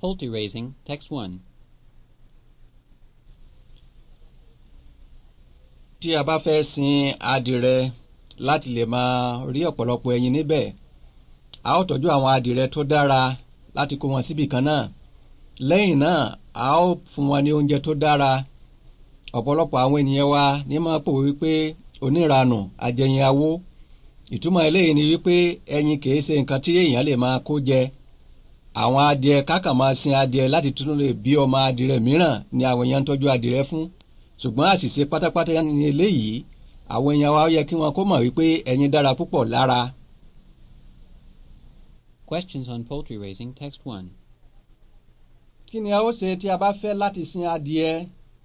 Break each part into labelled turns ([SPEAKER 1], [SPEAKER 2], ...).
[SPEAKER 1] Poultry Raising, Text 1. Tí a bá fẹ́ sin adìrẹ láti lè máa rí ọ̀pọ̀lọpọ̀ ẹyin níbẹ̀, a ó tọ́jú àwọn adìrẹ tó dára láti kó wọn síbì kan náà. Lẹ́yìn náà, a ó fún wọn ní oúnjẹ tó dára. Ọ̀pọ̀lọpọ̀ àwọn ènìyàn wa ní máa pòwe wípé oníranù ajẹyin awó. Ìtumọ̀ eléyìí ni wípé ẹyin kìí ṣe nǹkan tí èèyàn lè máa kó jẹ àwọn adìẹ kákàn máa sin adìẹ láti tún lè bí ọmọ adìẹ mìíràn ni àwọn èèyàn ń tọ́jú adìẹ fún ṣùgbọ́n àṣìṣe pátápátá ni eléyìí àwọn èèyàn wa yẹ kí wọn kó mọ̀ wípé ẹyin dára púpọ̀ lára.
[SPEAKER 2] questions on poultry raising text one.
[SPEAKER 1] kí ni a ó ṣe tí a bá fẹ́ láti sin adìẹ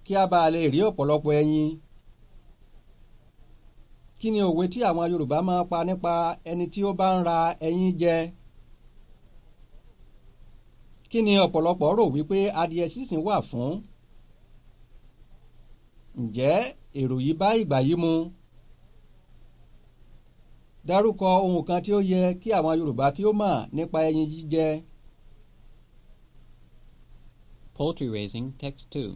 [SPEAKER 1] kí a bá lè rí ọ̀pọ̀lọpọ̀ ẹyin? kí ni òwe tí àwọn Yorùbá máa pa nípa ẹni tí ó bá ń ra ẹyin jẹ? kí ni ọ̀pọ̀lọpọ̀ rò wípé adìẹ sísìn wà fún? Ǹjẹ́ èrò yìí bá ìgbà yìí mu? Dárúkọ ohun kan tí ó yẹ kí àwọn Yorùbá kí ó mọ̀ nípa ẹyin jíjẹ.
[SPEAKER 2] Poultry raising text two.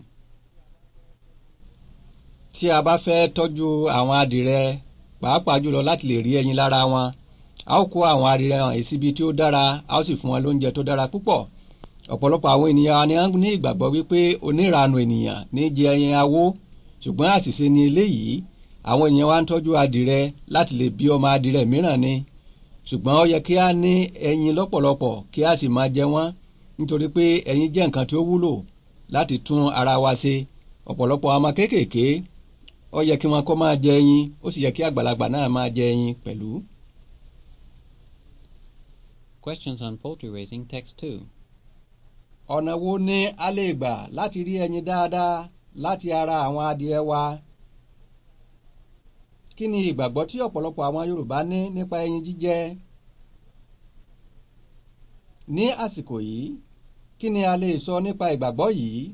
[SPEAKER 1] Tí a bá fẹ́ tọ́jú àwọn adìrẹ pàápàá jùlọ láti lè rí ẹyin lára wọn, a ó kó àwọn adìrẹ hàn síbi tí ó dára, a ó sì fún wọn lóúnjẹ tó dára púpọ̀ ọ̀pọ̀lọpọ̀ àwọn ènìyàn ni a ní ìgbàgbọ́ wípé onírànù ènìyàn ní jẹ ẹyin awó ṣùgbọ́n àṣìṣe ni eléyìí àwọn ènìyàn wa ń tọ́jú adìrẹ láti lè bí ọmọ adìrẹ mìíràn ni ṣùgbọ́n ó yẹ kí a ní ẹyin lọ́pọ̀lọpọ̀ kí a sì máa jẹ wọ́n nítorí pé ẹyin jẹ́ nǹkan tí ó wúlò láti tún ara wa ṣe ọ̀pọ̀lọpọ̀ ọmọ kéékèèké ó yẹ kí wọn kọ́ máa jẹ ẹyin ó sì yẹ kí àgbàlagbà náà máa jẹ ẹyin pẹ̀lú.
[SPEAKER 2] Questions on poultry raising text two
[SPEAKER 1] ọ̀nà wo ni a lè gbà láti rí ẹyin dáadáa láti ara àwọn adìẹ wa kí ni ìgbàgbọ́ tí ọ̀pọ̀lọpọ̀ àwọn Yorùbá ní nípa ẹyin jíjẹ ní àsìkò yìí kí ni a lè sọ nípa ìgbàgbọ́ yìí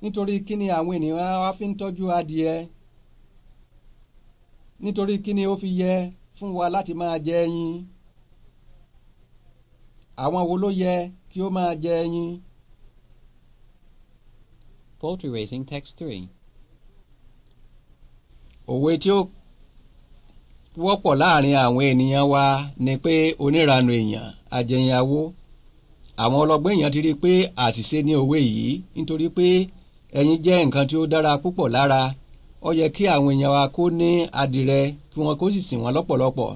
[SPEAKER 1] nítorí kí ni àwọn ènìyàn wa fi ń tọ́jú adìẹ nítorí kí ni ó fi yẹ fún wa láti máa jẹ ẹyin àwọn wo ló yẹ kí ó máa jẹ ẹyin.
[SPEAKER 2] poultry raising text three. òwe tí ó
[SPEAKER 1] wọ́pọ̀ láàrin àwọn ènìyàn wa ni pé oníranú èèyàn àjẹyìn awó àwọn ọlọ́gbọ́n èèyàn ti rí i pé àṣìṣe ni òwe yìí nítorí pé ẹyin jẹ́ nǹkan tí ó dára púpọ̀ lára ó yẹ kí àwọn èèyàn wa kó ní adìrẹ kí wọn kó sì sìn wọn lọ́pọ̀lọpọ̀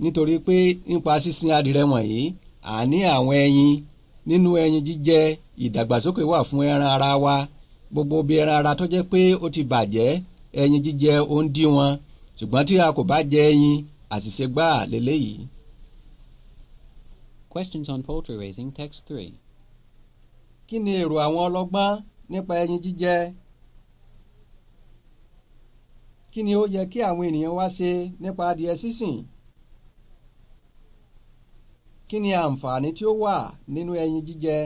[SPEAKER 1] nítorí pé nípa sísin adìrẹ wọ̀nyí àní àwọn ẹyin nínú ẹyin jíjẹ ìdàgbàsókè wà fún ẹran ara wa gbogbo bí ẹran ara tó jẹ́ pé ó ti bàjẹ́ ẹyin jíjẹ ó ń dí wọn ṣùgbọ́n tí a kò bá jẹ ẹyin àṣìṣe gbáà lélẹ́yìí.
[SPEAKER 2] Questions on poultry raising text three.
[SPEAKER 1] Kí ni èrò àwọn ọlọ́gbọ́n nípa ẹyin jíjẹ? Kí ni ó yẹ kí àwọn ènìyàn wá ṣe nípa adìẹ sísìn? Kí ni àǹfààní tí ó wà nínú ẹyin jíjẹ?